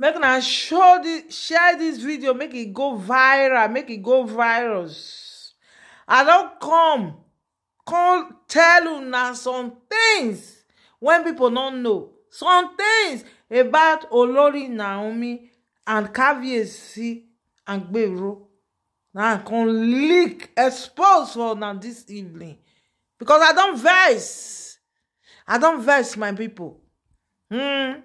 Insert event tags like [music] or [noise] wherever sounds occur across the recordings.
make una show this share dis video make it go viral make it go virus i don't come come tell una some things when people don't know some things about olori naomi and caviarcy and gbero na i come leak expose for una this evening because i don't verse. i don't verse my people. hmm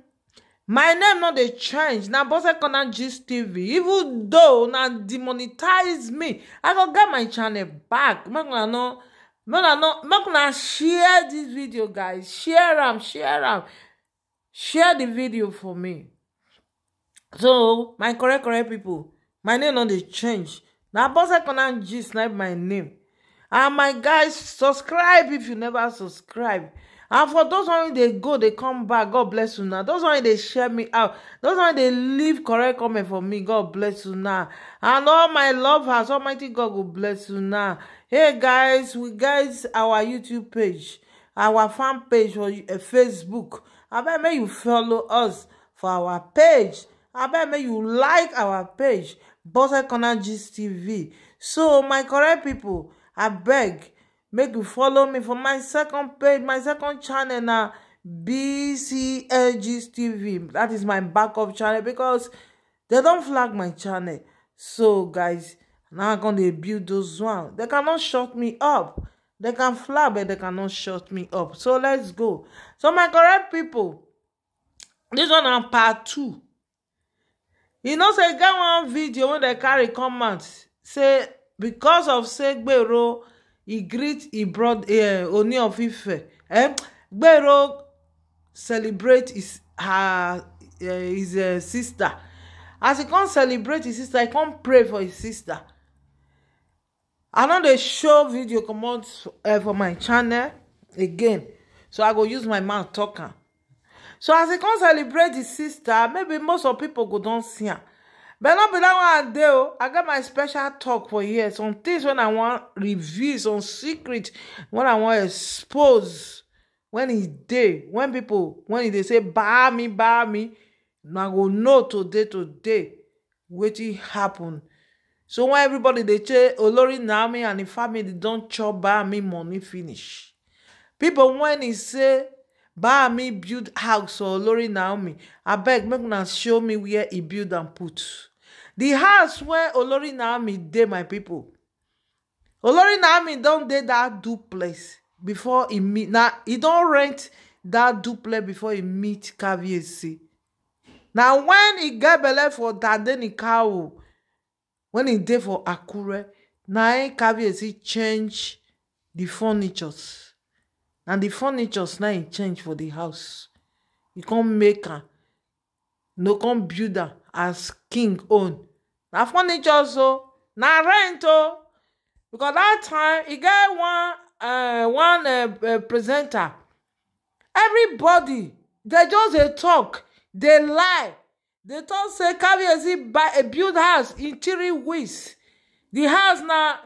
my name no dey change na bose corner gist tv even though na demonetize me i go get my channel back make una no make una no make una share dis video guys share am share am share di video for me so my correct correct pipo my name no dey change na bose corner gist na my name and my guys subscribe if you never subscribe and for those one they go they come back god bless you now those one they share me out those one they leave correct comment for me god bless you now and all my love has almighty god will bless you now hey guys we guys our youtube page our fan page for eh, facebook I abeg may you follow us for our page I abeg may you like our page Bose Corner Gist TV so my correct people I beg make you follow me for my second page my second channel na bclgs tv that is my backup channel because they don flag my channel so guys now i con dey build those one They cannot shut me up They can flag but they cannot shut me up so let's go so my correct people, this one na part two you know say get one video wey dem carry comment say because of say gbero he greet he brother uh, oni of Ife eh? Gbero celebrate his her uh, his uh, sister as he come celebrate his sister he come pray for his sister i no dey show video comot uh, for my channel again so i go use my mouth talk am so as he come celebrate his sister maybe most of people go don see am but not be that one i dey o i got my special talk for here some things when i want reveal some secret when i want expose when e day? when people when they say buy me buy me na go know today today wetin happen so when everybody they say olori naomi and the family they don't chop buy me money finish People when e say Buy me build house for Lori Naomi. Abeg, make una show me where he build and put. The house where Olori Naomi dey, my people. Olori Naomi don dey that duplex before he meet. Now, he don rent that duplex before he meet Kaviyesi. na when he get belle for dadenika when he dey for akure na im kabiyesi change the furnitures na the furnitures na im change for the house e come make am no come build am as king own na furnitures o oh. na rent o oh. because that time e get one uh one uh presenter everybody dey just dey talk dey lie dey talk say kabiyesi build house in three weeks di house na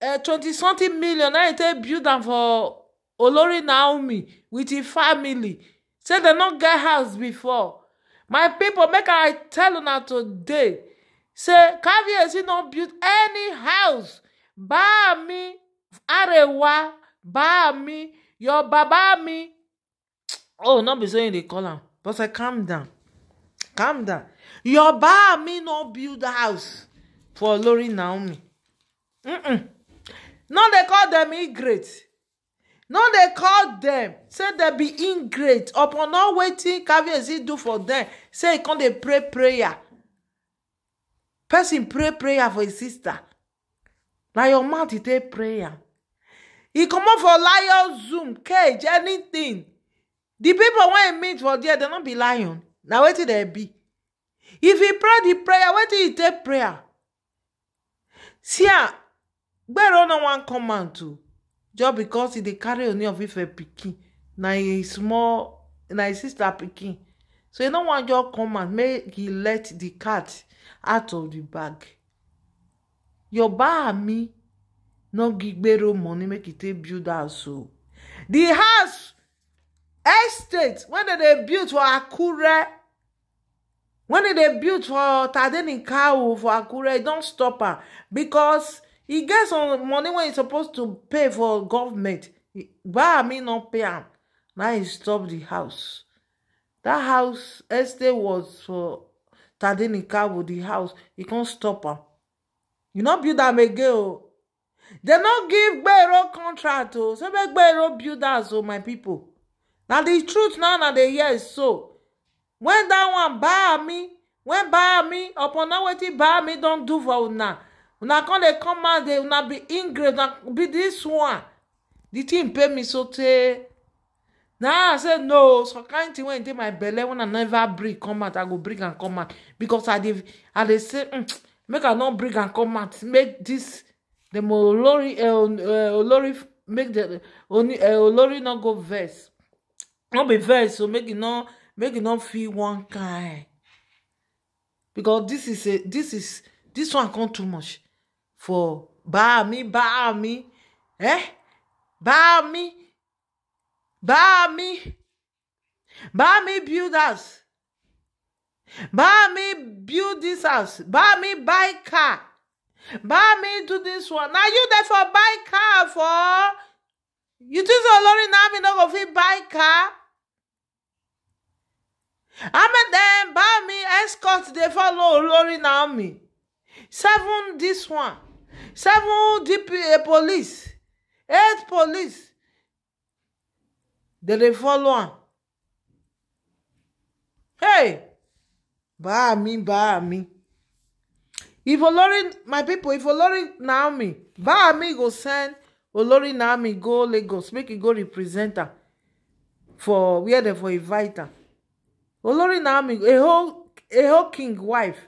20 something million na e take build am for olori naomi with im family say dem no get house before my pipo make i tell una today say caviarcy no build any house baami arewa baami your baba mi oh not be so you dey call am but say calm down calm down your baami no build house for olori naomi mm mm no dey call dem e no dey call dem say dem be ingrate upon all wetin caviezi do for dem say e come dey pray prayer person pray prayer for im sister na your mouth e take pray am e comot for lion zoom cage anything The people wey e meet for there dem no be lion na wetin dem be if e pray the prayer wetin e take prayer see am ah, gbero no wan come out o just because he dey carry oni of ife pikin na e small na e sister pikin so he no wan just come out make he let the cat out of the bag yoruba army no gigbero money make he take build house o oh. di house estate wey dem dey build for akure wen e dey build for tadenika o oh, for akure e don stop am because. He get some money when e supposed to pay for government gbahami not pay him. Now he stop the house That house estate was for tadini With the house he can't stop her. You not build that again o oh. dem no give gbero contract o oh. so make gbero build that. o oh, my people. Now the truth now that they hear is so When that one buy me when buy me upon what he buy me don't do for now una come dey come out dey una be ingrate una be this one the thing pay me so tey na i say no some kind thing wey dey my belle when i never bring come out i go bring am come out because i dey i dey say mm, make i no bring am come out make dis dem olori uh, olori make the only uh, olori no go vex no be vex so make e no make e no feel one kind because this is a this is this one come too much for bá mi bá mi eh? bá mi bá mi bá mi build house bá mi build this house bá mi buy car bá mi do this one na you dey for buy car for you think so, olori na me no go fit buy car amen dem bá mi escort dey follow olori na me seven this one seven dpa eh, police eight police dey dey follow am hey baa mi baa mi if olori my pipo if olori naomi baa mi go send olori naomi go lagos make e go represent am for where dem for invite am olori naomi a whole a whole king wife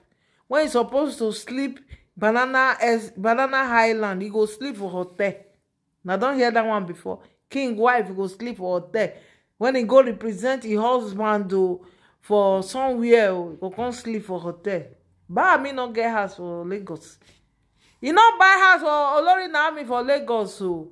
wey e suppose to sleep banana banana Highland, e go sleep for hotel Now don't hear that one before king wife go sleep for hotel When he go represent e husband do for somewhere He oh, go come sleep for hotel Buy me no get house for lagos e not buy house for olori naomi for lagos oh.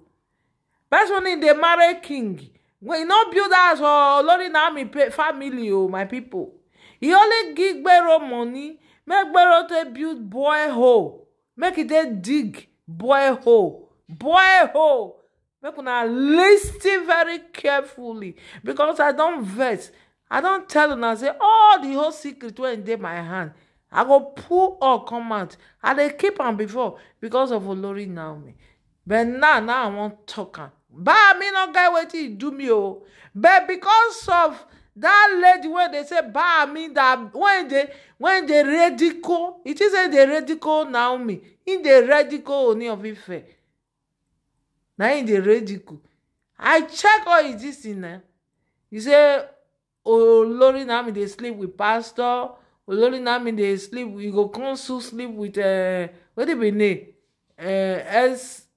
best one in the marry king e not build house for olori naomi family Oh my people, he only give gbero money make gbero take build boy hole make e dey dig boy hole boy hole make una listen very carefully because i don vex i don tell una say all oh, the whole secret wey dey my hand i go pull all come out i dey keep am before because of olori naomi but now now i wan talk am baa me no get wetin e do me o oh. but because of that lady wey dey say buy me that when dey when dey radical it is say dey ridicule naomi im dey radical oni of ife na im dey radical. i check all dis thing na you say olori naomi dey sleep with pastor olori naomi dey sleep you go come soon sleep with uh, what dey be name uh, s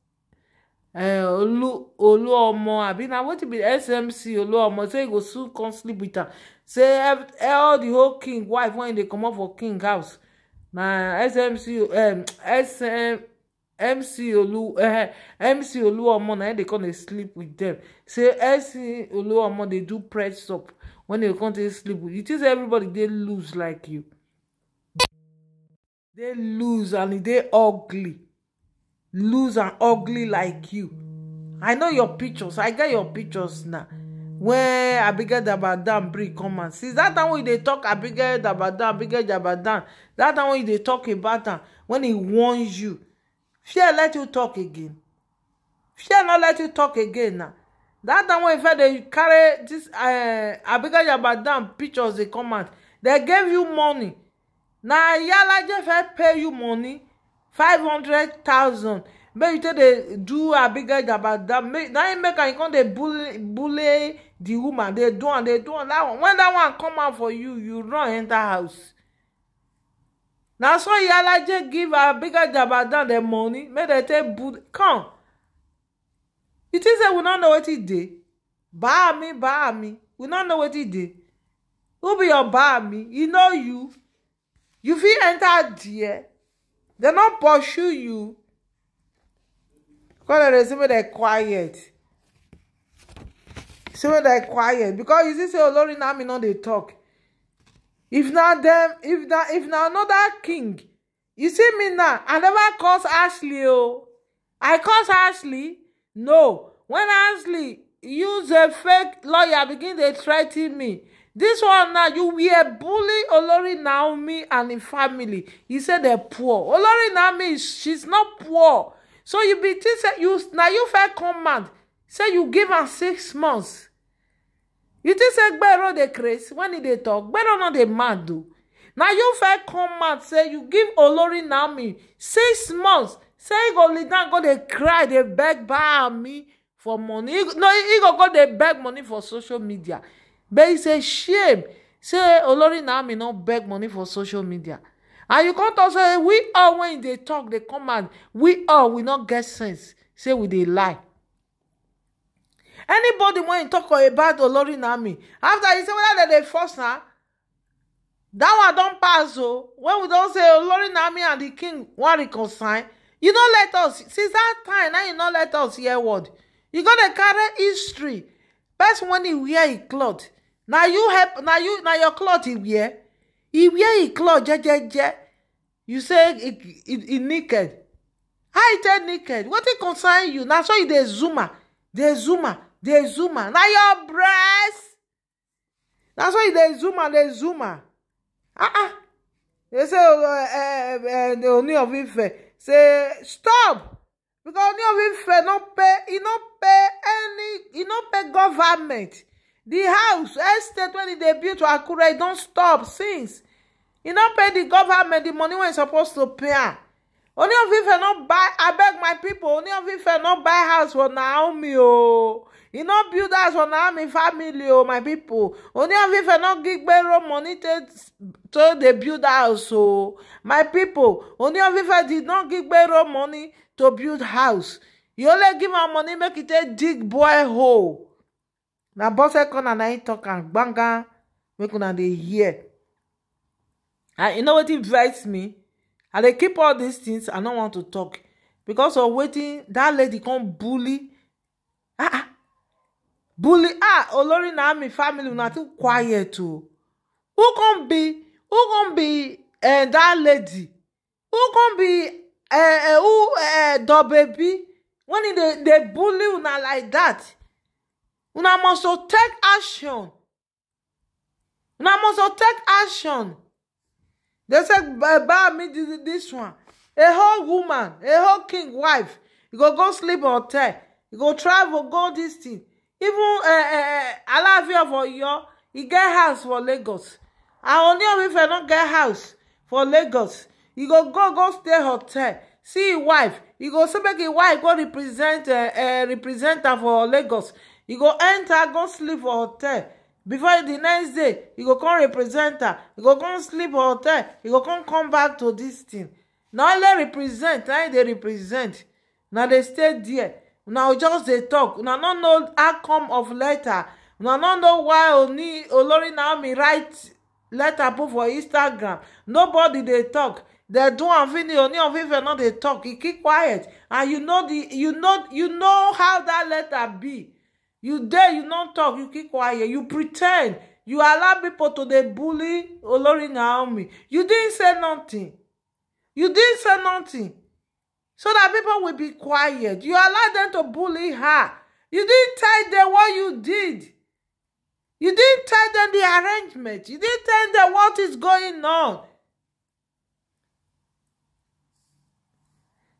Olu eh, Olu oluomo abi na wetin be smc oluomo say e go soon come sleep with am say eh, all the whole king wife wen e dey comot for king house na smc mc olu eh, mc oluomo na im dey come dey sleep with dem say mc oluomo dey do press up wen e come dey sleep with you think say everybody dey loose like you dey loose and e dey ugly loose and ugly like you i know your pictures i get your pictures now When abigail dabadan bring come am since dat time wey you talk abigail dabadan abigail dabadan That time wey they talk about am when he warns you fear let you talk again fear not let you talk again na dat time wey ife dey carry dis eh, abigail dabadan pictures dey come out dem give you money Now na ayala jefe pay you money five hundred thousand make you take dey do abigail gabada make na him make am come dey bully bully the woman dey do am dey do am that one when that one come out for you you run enter house na so iyalaje give abigail gabada the money make dem take bully come you think say we no know wetin e dey baa mi baa mi we no know wetin e dey who be your baa mi e know you you fit enter there They no pursue you because they see me, they quiet See me, they quiet because you see say olori me know they talk if not them, if not if not another king you see me now i never curse ashley Oh, i curse ashley no when ashley use a fake lawyer begin they threa ten me This one now, you were bullying Olori Naomi and her family. He said they're poor. Olori Naomi, she's not poor. So you be think say you now you fair command. Say you give her six months. You think say Gbero dey crazy when he dey talk. Gbero not dey mad do. Now you fair command say you give Olori Naomi six months. Say he go lead down, go dey cry, They beg by me for money. no, he, go go they beg money for social media but it's a shame say olori na no beg money for social media and you come talk say we all when e dey tok dey command we all we no get sense say we dey lie anybody when e tok about olori na army afta e say whether dem dey force na that one don pass o oh. when we don say olori na and the king wan reconcile you no let us since that time now you no let us hear word you go dey carry history person wen e wear e cloth na you help na you na your cloth he wear he wear him cloth jejeje you say he he, naked how he take naked wetin concern you na so you dey zoom am dey zoom am dey zoom am na your breast na so you dey zoom am dey zoom am ah ah they say uh, uh, uh, Ooni of Ife say stop because Ooni of Ife no pay he no pay any he no pay government The house estate when they dey build to akure don't stop since e don pay the government the money when e supposed to pay only of ife not buy I beg my people, only of ife not buy house for naomi Oh, e not build house for naomi family Oh, my people, only of not e no gigbero money to to dey build house Oh, my people, only of ife did not gigbero money to build house e only give am money make it e take dig boy hole na bose corner na him tok am gbanga make una dey hear and you know it drives me i they keep all these things i don't want to talk because of waiting that lady come bully ah, ah. bully ah olori na army family una too quiet too. who come be who come be eh, that lady who come be eh, eh, who dobebi When they they bully una like that? una must to take action una must to take action dey say buy me this, this one a whole woman a whole king wife you go go sleep hotel you go travel go this thing even eh, eh, eh, alaafin of oyo e get house for lagos and oni of ife no get house for lagos e go go go stay hotel see e wife e go say make e wife go represent represent am for lagos e go enter go sleep for hotel before the next day e go come represent her e go come sleep for hotel e go come come back to this thing na only represent na im dey represent na dey stay there una just dey talk una no know outcome of letter una no know why oni olori naomi write letter put for instagram nobody dey talk dem do am finish oni of ife no dey talk e keep quiet and you know the you know you know how that letter be you dare, you don't talk you keep quiet you pretend you allow people to dey bully olori naomi you didn't say nothing you didn't say nothing so that people will be quiet you allow them to bully her you didn't tell them what you did you didn't tell them the arrangement you didn't tell them what is going on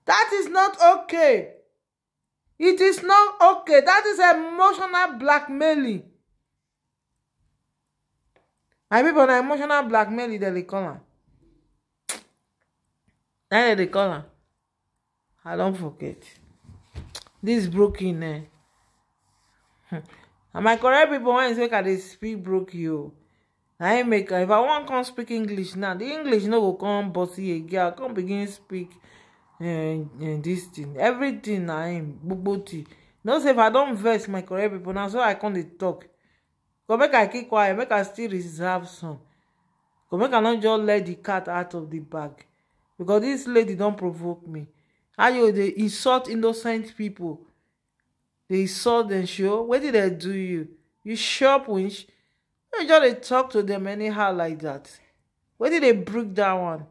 That is not okay. It is not okay. That is emotional blackmailing. My people na emotional blackmailing dem dey call am. Na dem dey call am. I don forget. This broken eh. [laughs] Na my correct people wen say make I dey speak broken o. Na im make if I wan come speak English now, the English no go come bossy again. I come begin speak Eh, eh, this thing everything na him gbogbo thing know say if i don vex my correct people na so i come dey talk go make i keep quiet make i still reserve some go make i not just let the cat out of the bag because this lady don provoke me How you dey insult innocent people? dey insult dem sure wetin dem do you you sharp winch no just dey talk to dem anyhow like dat wetin dey break that one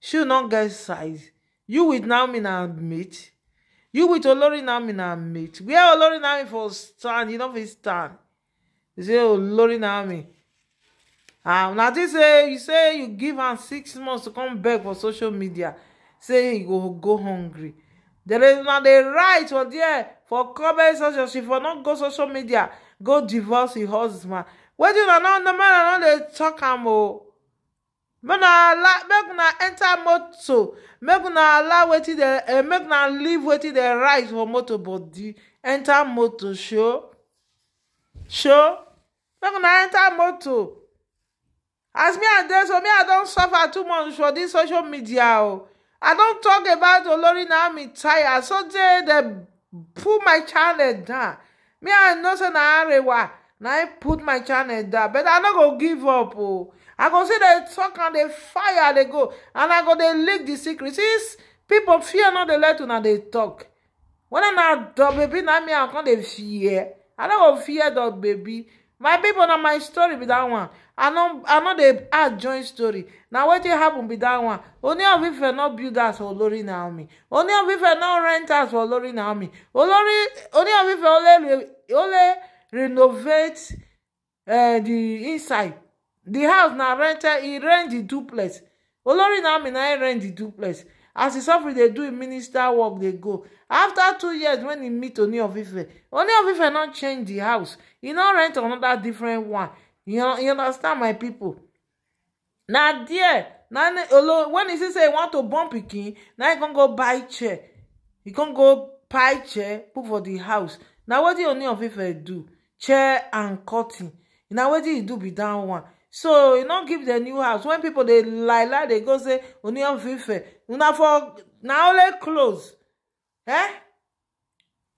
shoe no get size you with naomi now mate you with olori naomi na mate where olori naomi for stand you don't fit stand you say oh, olori naomi ah now this say you say you give am six months to come back for social media say e go go hungry There is now the right for there for comment social. she for not go social media go divorce her husband wetin na now the man i no dey talk am o oh make una allow make una enter motor make una allow wetin dey uh, make una leave wetin dey rise for motor body enter motor show show make una enter motor as me and dey so me i don suffer too much for dis social media o i don talk about olori me tire so tey dem pull my channel down me i know say na arewa na im put my channel down but i no go give up o i go see the talk and dey fire they go and i go dey leak the secret since pipo fear the letter let they talk. When wen not dog baby now me i con dey fear i no go fear dog baby my people na my story be that one i I no they add joint story Now na wetin happen be that one only of ife not build house for olori naomi only of ife not rent house for olori naomi olori only of ife only renovate eh, the inside The house na rented he rent the duplex olori na amina rent the duplex as he suffer dey do im minister work dey go after two years when he meet oni of ife oni of no change the house He no rent another different one you you understand my pipo na there wen e see say e want to born pikin na he con go buy chair He con go buy chair put for the house na wetin oni of do chair and curtain na wetin he do be dat one so you no give the new house when people dey lie lie dey go say onion fife una for na only close eh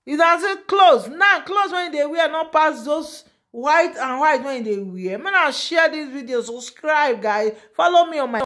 e don say close now close wey e dey wear no pass those white and white wey e dey wear make i share this video subscribe guys follow me on my